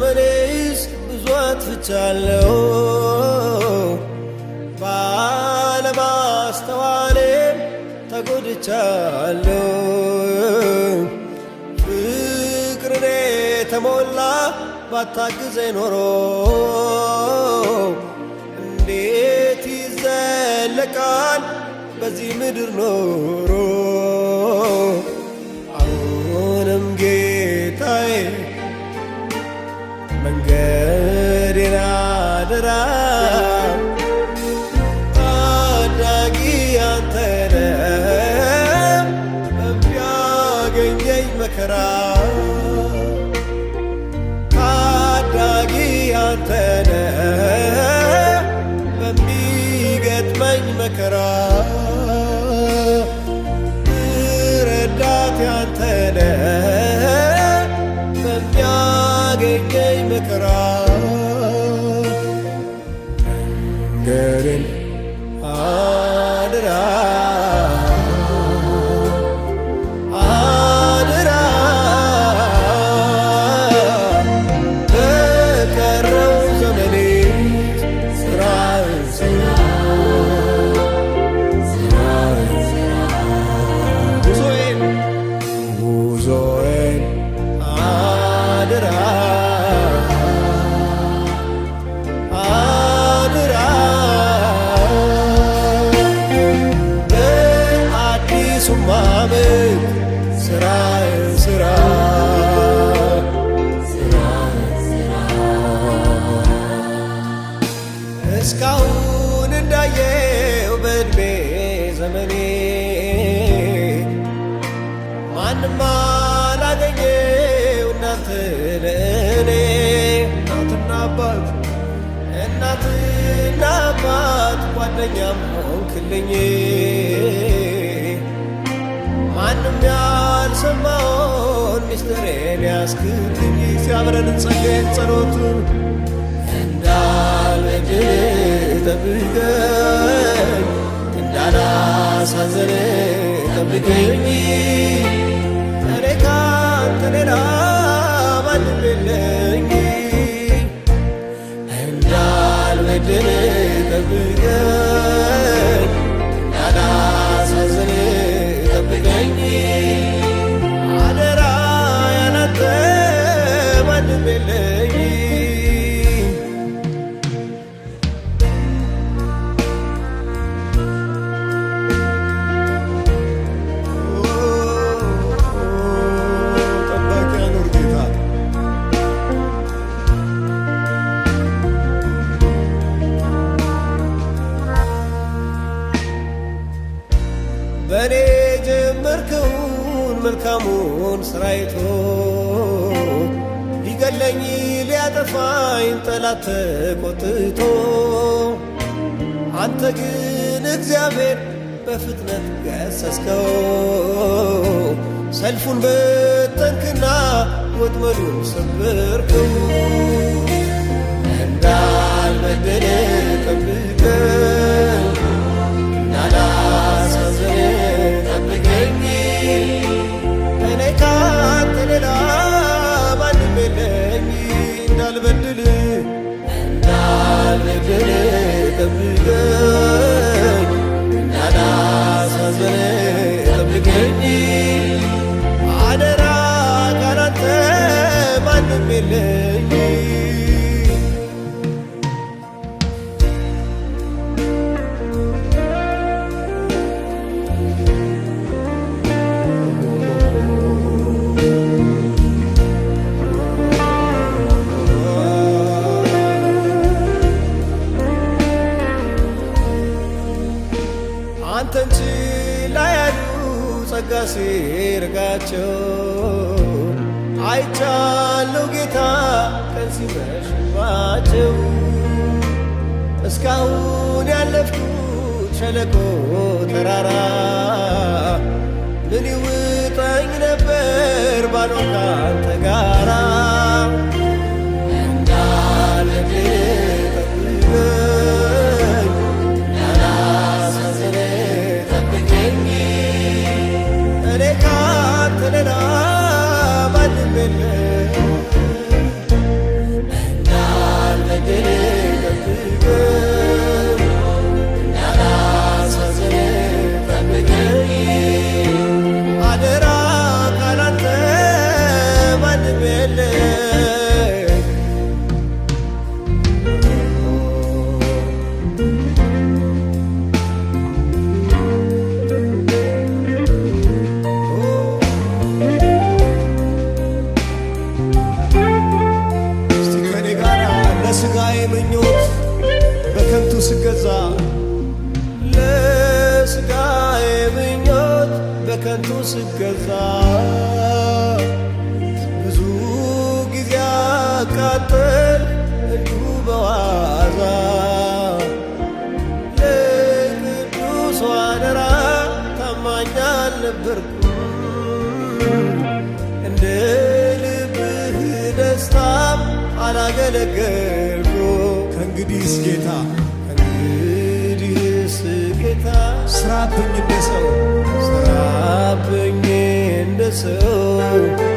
ዘመኔስ ብዙ አጥፍቻለሁ ባለማስተዋሌ ተጎድቻለሁ ፍቅርኔ ተሞላ ባታግዜ ኖሮ እንዴት ይዘለቃል በዚህ ምድር ኖሮ መንገዴን አደራ ታዳጊ አንተነ በሚያገኘኝ መከራ ታዳጊ አንተነ በሚገጥመኝ መከራ ረዳት ያንተነ Adra. እስካሁን እንዳየው በእድሜ ዘመኔ ማንም አላገኘው እናንተ ለእኔ እናትና አባት እናትና አባት ጓደኛም ሆንክልኝ ማንም ያልሰማውን ሚስጥሬን ያስክትኝ ሲያብረን ጸሎቱን ጠብቀኝ እንዳላሳዘነ ጠብቀኝ እኔ ካንተ ሌላ ማንም የለኝ እንዳልበደለ ጠብቀኝ ክፉን ስራይቶ ሊገለኝ ሊያጠፋኝ ጠላት ተቆጥቶ አንተ ግን እግዚአብሔር በፍጥነት ገሰስከው ሰልፉን በጠንክና ወጥመዱን ሰብርከው እንዳልበድል እንዳልበድል ለጋሴ እርጋቸው አይቻለሁ ጌታ ቀን ሲመሽባቸው እስካሁን ያለፍኩት ሸለቆ ተራራ ምን ይውጠኝ ነበር ባልሆን ካንተ ጋራ ስገዛ ለስጋዬ ምኞት በከንቱ ስገዛ ብዙ ጊዜ አቃጠል እንዲሁ በዋዛ ለቅዱስ አደራ ታማኝ አልነበርኩም እንደ ልብህ ደስታም አላገለገልኩ ከእንግዲህስ ጌታ ስራብኝ እንደ ሰው ስራብኝ እንደ ሰው